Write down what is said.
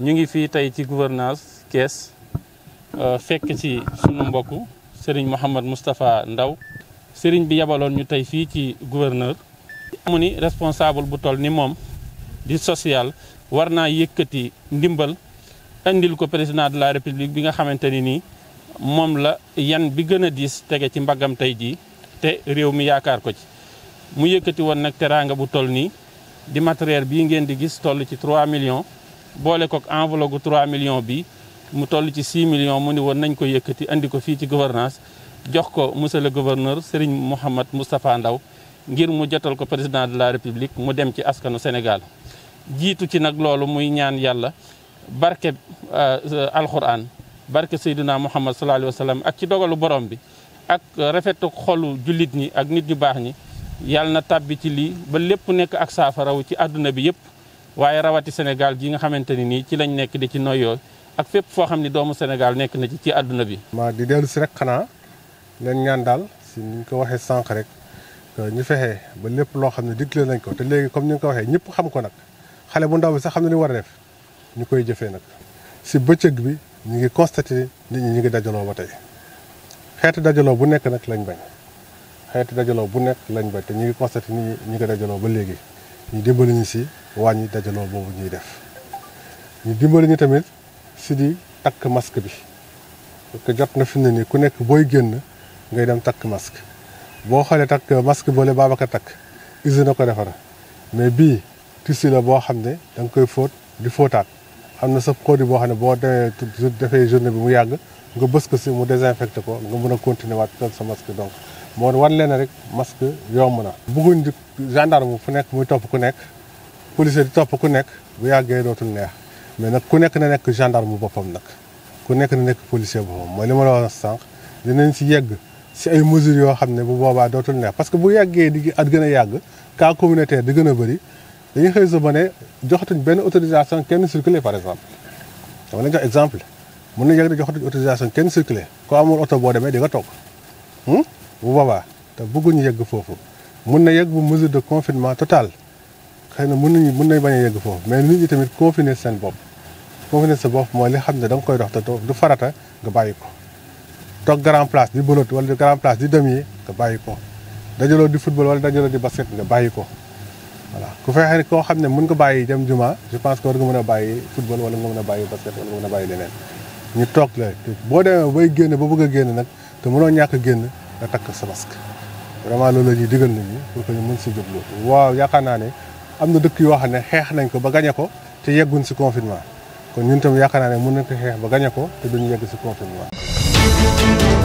ñu ngi fi tay ci gouvernance sunung euh, fekk ci sunu mbokk serigne mohammed mustapha Ndaw serigne bi yabalon ñu tay fi ci gouverneur amu ni responsable bu toll ni mom di social warna naa ndimbal andil ko président de la république bi nga xamanteni ni mom la yan bi gëna dis diis tege ci mbagam tay ji te réew mi yaakar ko ci mu yëkkati won nak teranga bu toll ni di matériel bi ngeen di gis toll ci 3 millions boole ko enveloppe gu 3 millions bi mu toll ci 6 millions mu ni woon nañ ko yëkkati indi ko fii ci gouvernance jox ko monsieur le gouverneur Serigne Mouhamad Moustapha Ndaw ngir mu jotal ko président de la république mu dem ci askanu senegal jiitu ci nag loolu muy ñaan yàlla barke euh, alxuraan barke Seydina Muhammad sallallahu alayhi wa sallam ak ci dogalu borom bi ak rafetu xolu jullit ñi ak nit ñu baax ñi yàlla na tàbbi ci lii ba lépp nekk ak saafaraw ci àdduna bi yëpp waaye rawati Sénégal ji nga xamante ni nii ci lañ nekk di ci noyyoo ak fépp foo xam ni doomu Sénégal nekk na ci ci àdduna bi. ma di dellu si rek xanaa leen ñaan daal si ni ñu ko waxee sànq rek ñu fexe ba lépp loo xam ne digle nañ ko te léegi comme ni nga ko waxee ñëpp xam ko nag xale bu ndaw bi sax xam ne ni war a def ñu koy jëfee nag. si bëccëg bi ñu ngi constaté nit ñi ñu ngi dajaloo ba tey xeetu dajaloo bu nekk nag lañ bañ xeetu dajaloo bu nekk lañ bañ te ñu ngi constaté nit ñi ñu ngi dajaloo ba léegi. ñu dimbali ñu si wàññi dajaloo boobu ñuy def ñu dimbali ñu tamit si di takk masque bi parce jot na fi ne ni ku nekk booy génn ngay dem takk masque boo xoolee takk masque boole Babacar takk usine na ko defara mais bii tissu la boo xam ne da koy fóot di fóotaat am na sa produit boo xam ne boo demee defee journée bi mu yàgg nga bës ko si mu désinfecté ko nga mun a continuer waat sa masque donc moo war leen rek masque yomb na. bëgguñ di gendarme fu nekk muy topp ku nekk police di topp ku nekk bu yàggee dootul neex mais nag ku nekk na nekk gendarme boppam nag ku nekk na nekk policier boppam mooy li ma la wax sànq dinañ si yegg si ay mesures yoo xam ne bu boobaa dootul neex parce que bu yàggee di at gën a yàgg cas communautaire di gën a bëri dañuy xëy sa ba ne joxatuñ benn autorisation kenn circuler par exemple dama leen jox exemple mun na yegg di joxatuñ autorisation kenn circuler ko amul oto boo demee di nga toog. Hmm? bu wowa te bëgguñu yegg foofu mun na yegg bu mesure de confinement total xëy na mun nañu mun nañ bañ a yegg foofu mais nit ñi tamit confiner seen bopp confiner sa bopp mooy li xam ne da koy dox te du farata nga bàyyi ko toog grand place di bëlot wala di grand place di demi nga bàyyi ko dajaloo di football wala dajaloo di basket nga bàyyi ko voilà ku fexe koo xam ne mun nga bàyyi dem juma je pense que war nga mën a bàyyi football wala nga mën a bàyyi basket wala nga a bàyyi leneen ñu toog la boo demee bay génn ba bëgg a génn nag te mënoo ñàkk a génn nga takk sa masque vraiment loolu la ñuy digal nit ñi pour que ñu mën si jublu waaw yaakaar naa ne am na dëkk yoo xam ne xeex nañ ko ba gañe ko te yegguñ si confinement kon ñun tam yaakaar naa ne mun nañ ko xeex ba gañe ko te duñu yegg si confinement